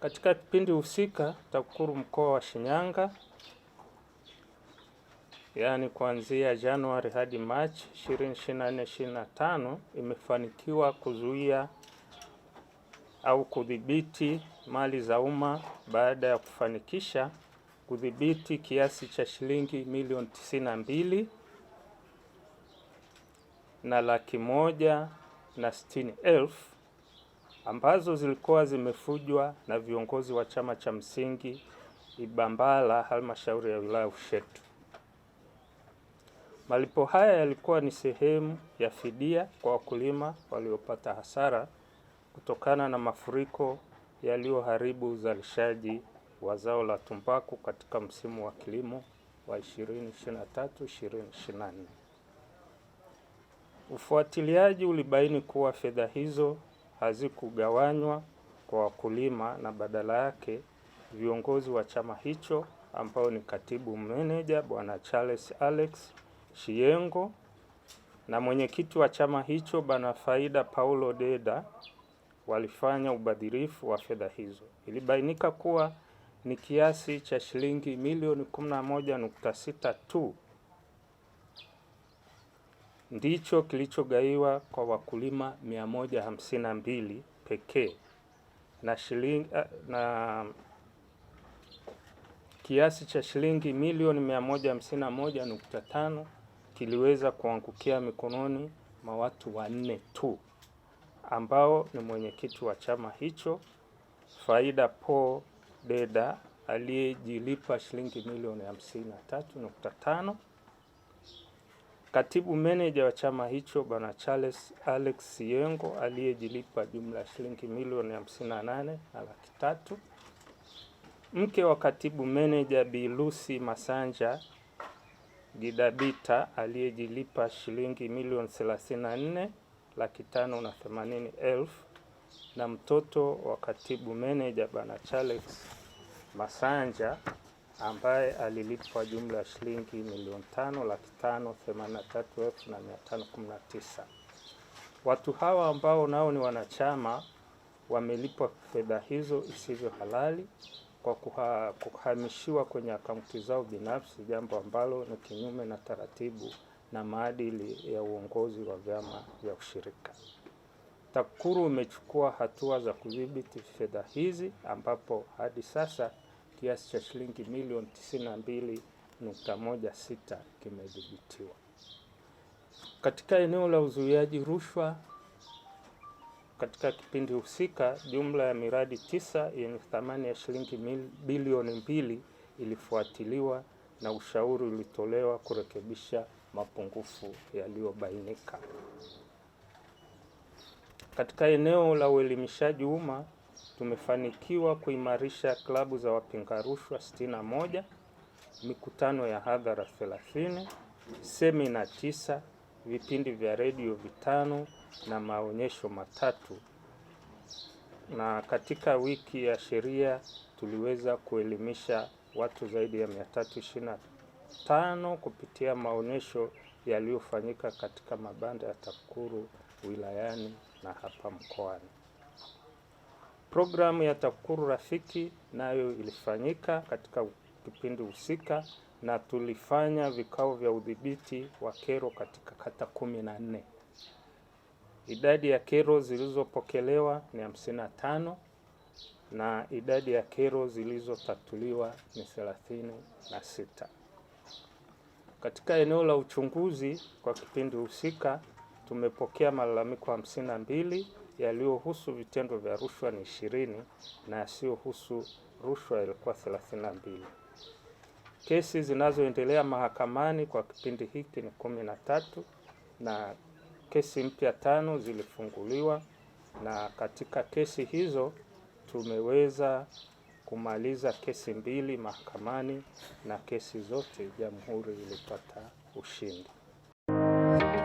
Katika kipindi husika TAKUKURU mkoa wa Shinyanga, yaani kuanzia Januari hadi Machi 2024 2025 imefanikiwa kuzuia au kudhibiti mali za umma baada ya kufanikisha kudhibiti kiasi cha shilingi milioni 92 na laki moja na sitini elfu ambazo zilikuwa zimefujwa na viongozi wa chama cha msingi Ibambala halmashauri ya wilaya Ushetu. Malipo haya yalikuwa ni sehemu ya fidia kwa wakulima waliopata hasara kutokana na mafuriko yaliyoharibu uzalishaji wa zao la tumbaku katika msimu wa kilimo wa 2023 2024. Ufuatiliaji ulibaini kuwa fedha hizo hazikugawanywa kwa wakulima na badala yake viongozi wa chama hicho ambao ni katibu meneja Bwana Charles Alex Shiengo na mwenyekiti wa chama hicho Bwana Faida Paulo Deda walifanya ubadhirifu wa fedha hizo. Ilibainika kuwa ni kiasi cha shilingi milioni 11.6 tu ndicho kilichogaiwa kwa wakulima 152 pekee na shilingi, eh, na kiasi cha shilingi milioni 151.5 kiliweza kuangukia mikononi mwa watu wanne tu ambao ni mwenyekiti wa chama hicho Faida Po Deda aliyejilipa shilingi milioni 53.5 Katibu meneja wa chama hicho Bwana Charles Alex yengo aliyejilipa jumla ya shilingi milioni 58 na laki tatu, mke wa katibu meneja Bi Lucy Masanja Gidabita aliyejilipa shilingi milioni 34 laki tano na themanini elfu na mtoto wa katibu meneja Bwana Charles Masanja ambaye alilipwa jumla ya shilingi milioni tano laki tano themanini na tatu elfu na mia tano kumi na tisa. Watu hawa ambao nao ni wanachama wamelipwa fedha hizo isivyo halali kwa kuha, kuhamishiwa kwenye akaunti zao binafsi, jambo ambalo ni kinyume na taratibu na maadili ya uongozi wa vyama vya ushirika. TAKUKURU imechukua hatua za kudhibiti fedha hizi ambapo hadi sasa kiasi cha shilingi milioni 92.16 kimedhibitiwa. Katika eneo la uzuiaji rushwa katika kipindi husika, jumla ya miradi tisa yenye thamani ya shilingi bilioni mbili ilifuatiliwa na ushauri ulitolewa kurekebisha mapungufu yaliyobainika. Katika eneo la uelimishaji umma tumefanikiwa kuimarisha klabu za wapinga rushwa 61, mikutano ya hadhara 30, semina 9, vipindi vya redio vitano na maonyesho matatu. Na katika wiki ya sheria tuliweza kuelimisha watu zaidi ya 325 kupitia maonyesho yaliyofanyika katika mabanda ya TAKUKURU wilayani na hapa mkoani. Programu ya TAKUKURU Rafiki nayo ilifanyika katika kipindi husika na tulifanya vikao vya udhibiti wa kero katika kata kumi na nne. Idadi ya kero zilizopokelewa ni 55 na idadi ya kero zilizotatuliwa ni 36. Katika eneo la uchunguzi kwa kipindi husika tumepokea malalamiko 52 yaliyohusu vitendo vya rushwa ni ishirini na yasiyohusu rushwa yalikuwa mbili Kesi zinazoendelea mahakamani kwa kipindi hiki ni kumi na tatu na kesi mpya tano zilifunguliwa, na katika kesi hizo tumeweza kumaliza kesi mbili mahakamani na kesi zote jamhuri ilipata ushindi.